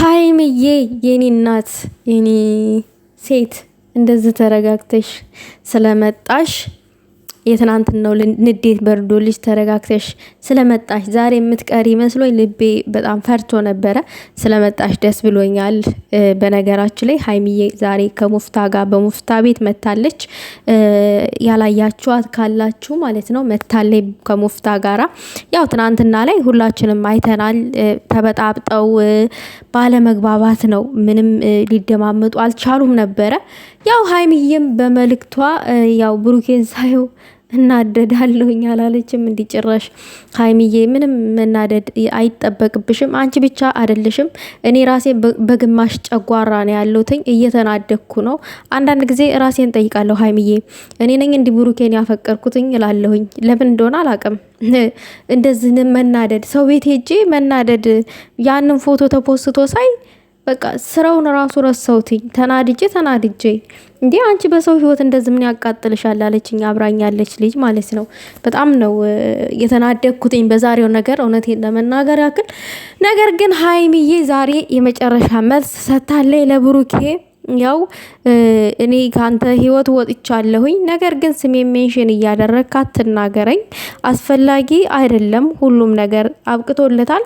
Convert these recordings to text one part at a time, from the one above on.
ሀይምዬ የኔ እናት የኔ ሴት እንደዚህ ተረጋግተሽ ስለመጣሽ የትናንትናው ንዴት በርዶ ልጅ ተረጋግተሽ ስለመጣሽ ዛሬ የምትቀሪ መስሎኝ ልቤ በጣም ፈርቶ ነበረ። ስለመጣሽ ደስ ብሎኛል። በነገራችን ላይ ሀይሚዬ ዛሬ ከሙፍታ ጋር በሙፍታ ቤት መታለች። ያላያችኋት ካላችሁ ማለት ነው መታለይ ከሙፍታ ጋራ ያው ትናንትና ላይ ሁላችንም አይተናል። ተበጣብጠው ባለመግባባት ነው ምንም ሊደማመጡ አልቻሉም ነበረ። ያው ሀይሚዬም በመልክቷ ያው ብሩኬን ሳየው እናደዳለሁኝ አላለችም። እንዲጭራሽ ሀይሚዬ ምንም መናደድ አይጠበቅብሽም። አንቺ ብቻ አይደለሽም። እኔ ራሴ በግማሽ ጨጓራ ነው ያለሁትኝ፣ እየተናደኩ ነው። አንዳንድ ጊዜ ራሴን ጠይቃለሁ። ሀይሚዬ እኔ ነኝ እንዲ ብሩኬን ያፈቀርኩትኝ እላለሁኝ። ለምን እንደሆነ አላቅም። እንደዚህ መናደድ ሰው ቤት ሄጄ መናደድ ያንን ፎቶ ተፖስቶ ሳይ በቃ ስራውን ራሱ ረሳሁትኝ። ተናድጄ ተናድጄ እንዴ አንቺ በሰው ህይወት እንደዚህ ምን ያቃጥልሻል? አለችኝ አብራኛለች ልጅ ማለት ነው። በጣም ነው የተናደኩትኝ በዛሬው ነገር እውነቴን ለመናገር ያክል። ነገር ግን ሀይሚዬ ዛሬ የመጨረሻ መልስ ሰታለይ ለብሩኬ ያው እኔ ከአንተ ህይወት ወጥቻለሁኝ፣ ነገር ግን ስሜ ሜንሽን እያደረግ አትናገረኝ፣ አስፈላጊ አይደለም። ሁሉም ነገር አብቅቶለታል።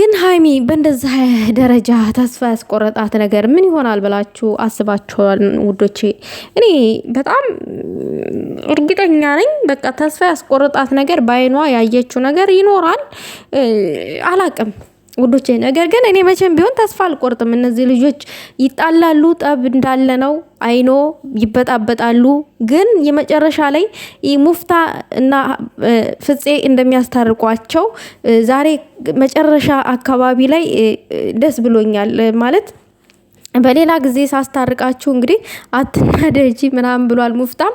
ግን ሀይሚ በእንደዚህ ደረጃ ተስፋ ያስቆረጣት ነገር ምን ይሆናል ብላችሁ አስባችኋል ውዶቼ? እኔ በጣም እርግጠኛ ነኝ። በቃ ተስፋ ያስቆረጣት ነገር በአይኗ ያየችው ነገር ይኖራል። አላቅም ውዶቼ ነገር ግን እኔ መቼም ቢሆን ተስፋ አልቆርጥም። እነዚህ ልጆች ይጣላሉ፣ ጠብ እንዳለ ነው አይኖ ይበጣበጣሉ። ግን የመጨረሻ ላይ ሙፍታ እና ፍፄ እንደሚያስታርቋቸው ዛሬ መጨረሻ አካባቢ ላይ ደስ ብሎኛል ማለት በሌላ ጊዜ ሳስታርቃችሁ እንግዲህ አትናደጂ ምናምን ብሏል ሙፍታም።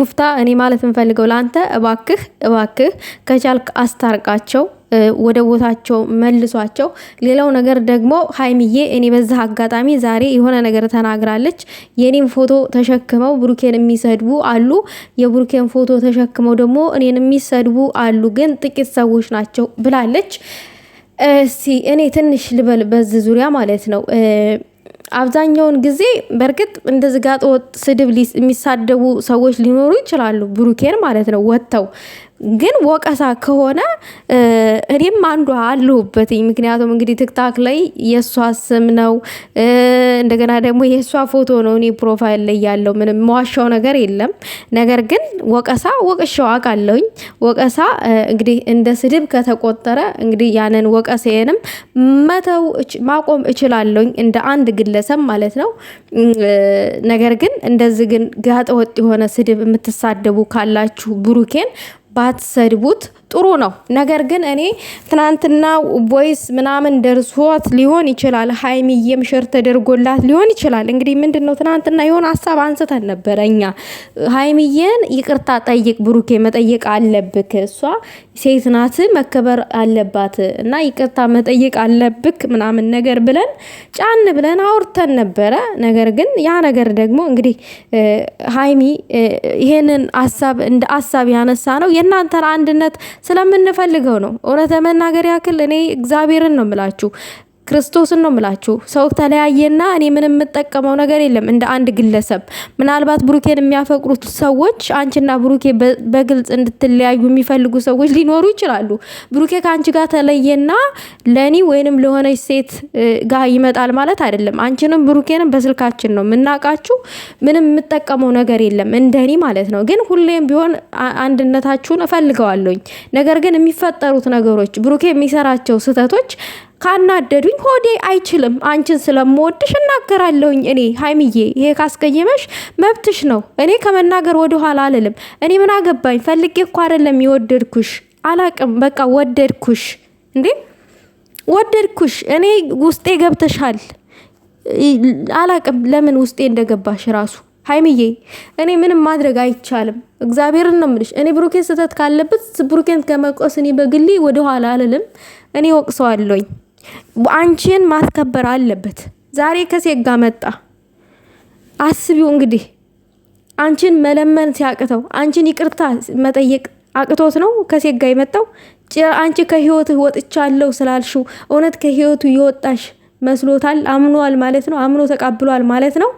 ሙፍታ እኔ ማለት የምፈልገው ለአንተ እባክህ እባክህ ከቻልክ አስታርቃቸው ወደ ቦታቸው መልሷቸው። ሌላው ነገር ደግሞ ሀይሚዬ እኔ በዛህ አጋጣሚ ዛሬ የሆነ ነገር ተናግራለች። የኔም ፎቶ ተሸክመው ብሩኬን የሚሰድቡ አሉ፣ የብሩኬን ፎቶ ተሸክመው ደግሞ እኔን የሚሰድቡ አሉ፣ ግን ጥቂት ሰዎች ናቸው ብላለች። እስቲ እኔ ትንሽ ልበል በዚህ ዙሪያ ማለት ነው አብዛኛውን ጊዜ በእርግጥ እንደ ዝጋጦ ስድብ የሚሳደቡ ሰዎች ሊኖሩ ይችላሉ፣ ብሩኬን ማለት ነው ወጥተው ግን ወቀሳ ከሆነ እኔም አንዱ አለሁበትኝ። ምክንያቱም እንግዲህ ትክታክ ላይ የእሷ ስም ነው፣ እንደገና ደግሞ የእሷ ፎቶ ነው እኔ ፕሮፋይል ላይ ያለው። ምንም መዋሻው ነገር የለም። ነገር ግን ወቀሳ ወቅሻው አውቃለሁኝ። ወቀሳ እንግዲህ እንደ ስድብ ከተቆጠረ እንግዲህ ያንን ወቀሴንም መተው ማቆም እችላለሁኝ፣ እንደ አንድ ግለሰብ ማለት ነው። ነገር ግን እንደዚህ ግን ጋጠወጥ የሆነ ስድብ የምትሳደቡ ካላችሁ ብሩኬን बाथ सरबूत ጥሩ ነው። ነገር ግን እኔ ትናንትና ቦይስ ምናምን ደርሶት ሊሆን ይችላል። ሀይሚዬም ሽር ተደርጎላት ሊሆን ይችላል። እንግዲህ ምንድን ነው ትናንትና የሆነ ሀሳብ አንስተን ነበረ እኛ ሀይሚዬን ይቅርታ ጠይቅ ብሩኬ መጠየቅ አለብክ። እሷ ሴት ናት መከበር አለባት እና ይቅርታ መጠየቅ አለብክ ምናምን ነገር ብለን ጫን ብለን አውርተን ነበረ። ነገር ግን ያ ነገር ደግሞ እንግዲህ ሀይሚ ይሄንን ሀሳብ እንደ ሀሳብ ያነሳ ነው የእናንተን አንድነት ስለምንፈልገው ነው። እውነት ለመናገር ያክል እኔ እግዚአብሔርን ነው የምላችሁ ክርስቶስን ነው ምላችሁ። ሰው ተለያየና እኔ ምንም የምጠቀመው ነገር የለም። እንደ አንድ ግለሰብ ምናልባት ብሩኬን የሚያፈቅሩት ሰዎች አንቺና ብሩኬ በግልጽ እንድትለያዩ የሚፈልጉ ሰዎች ሊኖሩ ይችላሉ። ብሩኬ ከአንቺ ጋር ተለየና ለእኔ ወይንም ለሆነች ሴት ጋር ይመጣል ማለት አይደለም። አንቺንም ብሩኬንም በስልካችን ነው የምናውቃችሁ። ምንም የምጠቀመው ነገር የለም እንደኔ ማለት ነው። ግን ሁሌም ቢሆን አንድነታችሁን እፈልገዋለሁኝ። ነገር ግን የሚፈጠሩት ነገሮች ብሩኬ የሚሰራቸው ስህተቶች ካናደዱኝ ሆዴ አይችልም። አንቺን ስለምወድሽ እናገራለሁኝ እኔ ሀይምዬ፣ ይሄ ካስቀየመሽ መብትሽ ነው። እኔ ከመናገር ወደኋላ አልልም። እኔ ምን አገባኝ? ፈልጌ እኮ አይደለም የወደድኩሽ። አላቅም፣ በቃ ወደድኩሽ። እንዴ ወደድኩሽ። እኔ ውስጤ ገብተሻል። አላቅም ለምን ውስጤ እንደገባሽ ራሱ ሀይምዬ እኔ ምንም ማድረግ አይቻልም። እግዚአብሔርን ነው የምልሽ። እኔ ብሩኬን ስህተት ካለበት ብሩኬን ከመቆስ እኔ በግሌ ወደኋላ አልልም። እኔ ወቅሰዋለኝ። አንቺን ማስከበር አለበት። ዛሬ ከሴት ጋር መጣ። አስቢው እንግዲህ አንቺን መለመን ሲያቅተው አንቺን ይቅርታ መጠየቅ አቅቶት ነው ከሴት ጋር የመጣው። አንቺ ከህይወትህ ወጥቻለሁ ስላልሽው እውነት ከህይወቱ የወጣሽ መስሎታል። አምኗል ማለት ነው። አምኖ ተቀብሏል ማለት ነው።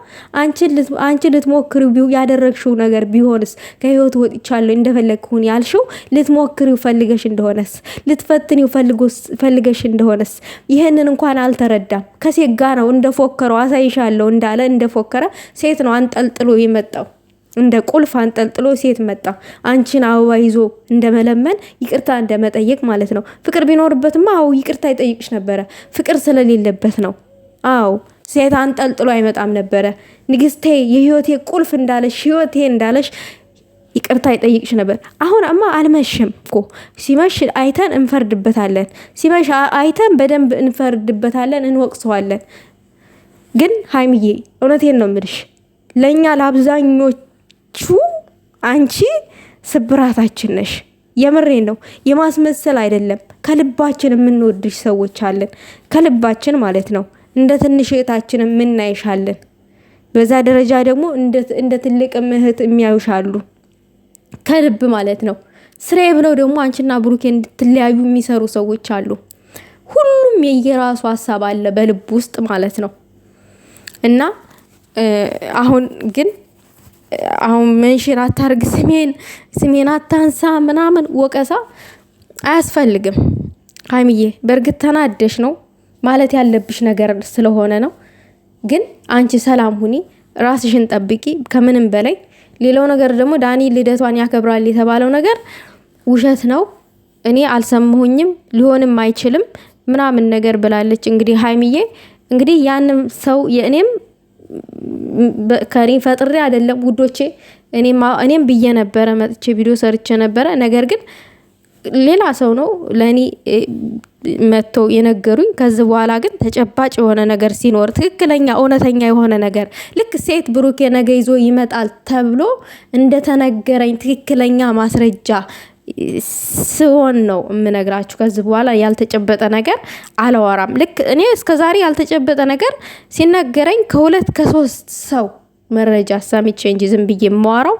አንቺ ልትሞክሪው ያደረግሽው ነገር ቢሆንስ ከህይወት ወጥቻለሁ እንደፈለግኩን ያልሽው ልትሞክሪው ፈልገሽ እንደሆነስ ልትፈትኒው ፈልገሽ እንደሆነስ ይህንን እንኳን አልተረዳም። ከሴት ጋ ነው እንደፎከረው አሳይሻለሁ እንዳለ እንደፎከረ ሴት ነው አንጠልጥሎ የመጣው። እንደ ቁልፍ አንጠልጥሎ ሴት መጣ አንቺን አበባ ይዞ እንደ መለመን ይቅርታ እንደ መጠየቅ ማለት ነው። ፍቅር ቢኖርበትማ አዎ ይቅርታ ይጠይቅሽ ነበረ። ፍቅር ስለሌለበት ነው። አዎ ሴት አንጠልጥሎ አይመጣም ነበረ። ንግስቴ፣ የህይወቴ ቁልፍ እንዳለሽ ህይወቴ እንዳለሽ ይቅርታ ይጠይቅሽ ነበር። አሁን አማ አልመሽም እኮ ሲመሽ አይተን እንፈርድበታለን። ሲመሽ አይተን በደንብ እንፈርድበታለን፣ እንወቅሰዋለን። ግን ሀይምዬ እውነቴን ነው ምልሽ ለእኛ ለአብዛኞች ያለችው አንቺ ስብራታችን ነሽ። የምሬ ነው። የማስመሰል አይደለም። ከልባችን የምንወድሽ ሰዎች አለን። ከልባችን ማለት ነው። እንደ ትንሽ እህታችን የምናይሻለን። በዛ ደረጃ ደግሞ እንደ ትልቅ እህት የሚያዩሻሉ ከልብ ማለት ነው። ስራዬ ብለው ደግሞ አንቺና ብሩኬ እንድትለያዩ የሚሰሩ ሰዎች አሉ። ሁሉም የየራሱ ሀሳብ አለ በልብ ውስጥ ማለት ነው እና አሁን ግን አሁን መንሽን አታርግ፣ ስሜን ስሜን አታንሳ ምናምን ወቀሳ አያስፈልግም። ሀይሚዬ በእርግጥ ተናደሽ ነው ማለት ያለብሽ ነገር ስለሆነ ነው። ግን አንቺ ሰላም ሁኒ፣ ራስሽን ጠብቂ። ከምንም በላይ ሌላው ነገር ደግሞ ዳኒ ልደቷን ያከብራል የተባለው ነገር ውሸት ነው። እኔ አልሰማሁኝም፣ ሊሆንም አይችልም ምናምን ነገር ብላለች። እንግዲህ ሀይሚዬ እንግዲህ ያንም ሰው የእኔም ከኔ ፈጥሬ አይደለም ውዶቼ። እኔም ብዬ ነበረ መጥቼ ቪዲዮ ሰርቼ ነበረ። ነገር ግን ሌላ ሰው ነው ለእኔ መጥተው የነገሩኝ። ከዚህ በኋላ ግን ተጨባጭ የሆነ ነገር ሲኖር ትክክለኛ እውነተኛ የሆነ ነገር ልክ ሴት ብሩኬ ነገ ይዞ ይመጣል ተብሎ እንደተነገረኝ ትክክለኛ ማስረጃ ስሆን ነው የምነግራችሁ። ከዚህ በኋላ ያልተጨበጠ ነገር አላወራም። ልክ እኔ እስከዛሬ ያልተጨበጠ ነገር ሲነገረኝ ከሁለት ከሶስት ሰው መረጃ ሰምቼ እንጂ ዝም ብዬ የማወራው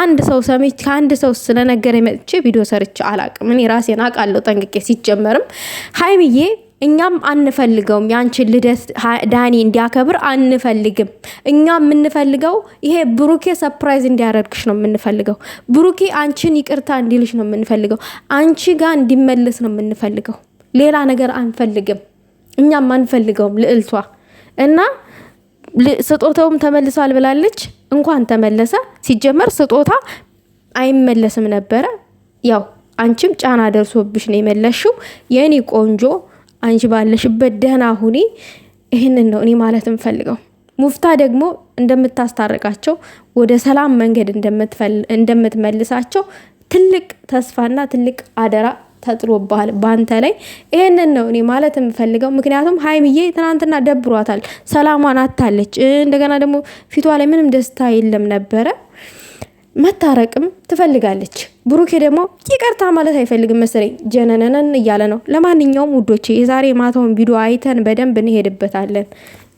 አንድ ሰው ሰምቼ ከአንድ ሰው ስለነገረኝ መጥቼ ቪዲዮ ሰርቼ አላቅም። እኔ ራሴን አውቃለሁ ጠንቅቄ። ሲጀመርም ሀይሚዬ እኛም አንፈልገውም ያንቺን ልደት ዳኒ እንዲያከብር አንፈልግም። እኛ የምንፈልገው ይሄ ብሩኬ ሰፕራይዝ እንዲያደርግሽ ነው የምንፈልገው። ብሩኬ አንቺን ይቅርታ እንዲልሽ ነው የምንፈልገው። አንቺ ጋር እንዲመለስ ነው የምንፈልገው። ሌላ ነገር አንፈልግም። እኛም አንፈልገውም። ልዕልቷ እና ስጦታውም ተመልሷል ብላለች። እንኳን ተመለሰ። ሲጀመር ስጦታ አይመለስም ነበረ። ያው አንቺም ጫና ደርሶብሽ ነው የመለሽው የኔ ቆንጆ አንቺ ባለሽበት ደህና ሁኒ። ይህንን ነው እኔ ማለት የምፈልገው። ሙፍታ ደግሞ እንደምታስታርቃቸው ወደ ሰላም መንገድ እንደምትመልሳቸው ትልቅ ተስፋና ትልቅ አደራ ተጥሎብሃል በአንተ ላይ። ይህንን ነው እኔ ማለት የምፈልገው። ምክንያቱም ሀይምዬ ትናንትና ደብሯታል፣ ሰላሟን አታለች። እንደገና ደግሞ ፊቷ ላይ ምንም ደስታ የለም ነበረ። መታረቅም ትፈልጋለች። ብሩኬ ደግሞ ይቅርታ ማለት አይፈልግም መሰለኝ ጀነነነን እያለ ነው። ለማንኛውም ውዶቼ የዛሬ ማታውን ቪዲዮ አይተን በደንብ እንሄድበታለን።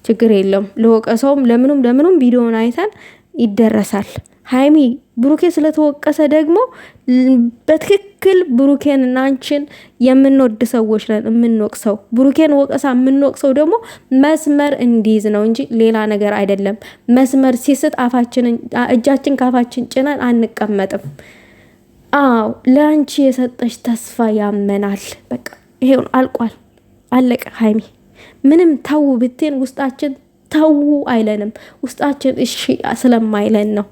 ችግር የለውም ለወቀ ለምኑም ለምኑም ቪዲዮውን አይተን ይደረሳል። ሀይሚ ብሩኬ ስለተወቀሰ ደግሞ በትክክል ብሩኬን እና አንቺን የምንወድ ሰዎች ነን። የምንወቅሰው ብሩኬን ወቀሳ የምንወቅሰው ደግሞ መስመር እንዲይዝ ነው እንጂ ሌላ ነገር አይደለም። መስመር ሲስት አፋችንን እጃችን ከአፋችን ጭነን አንቀመጥም። አዎ ለአንቺ የሰጠች ተስፋ ያመናል። በቃ ይሄ አልቋል፣ አለቀ። ሀይሚ ምንም ተው ብቴን ውስጣችን ተው አይለንም። ውስጣችን እሺ ስለማይለን ነው።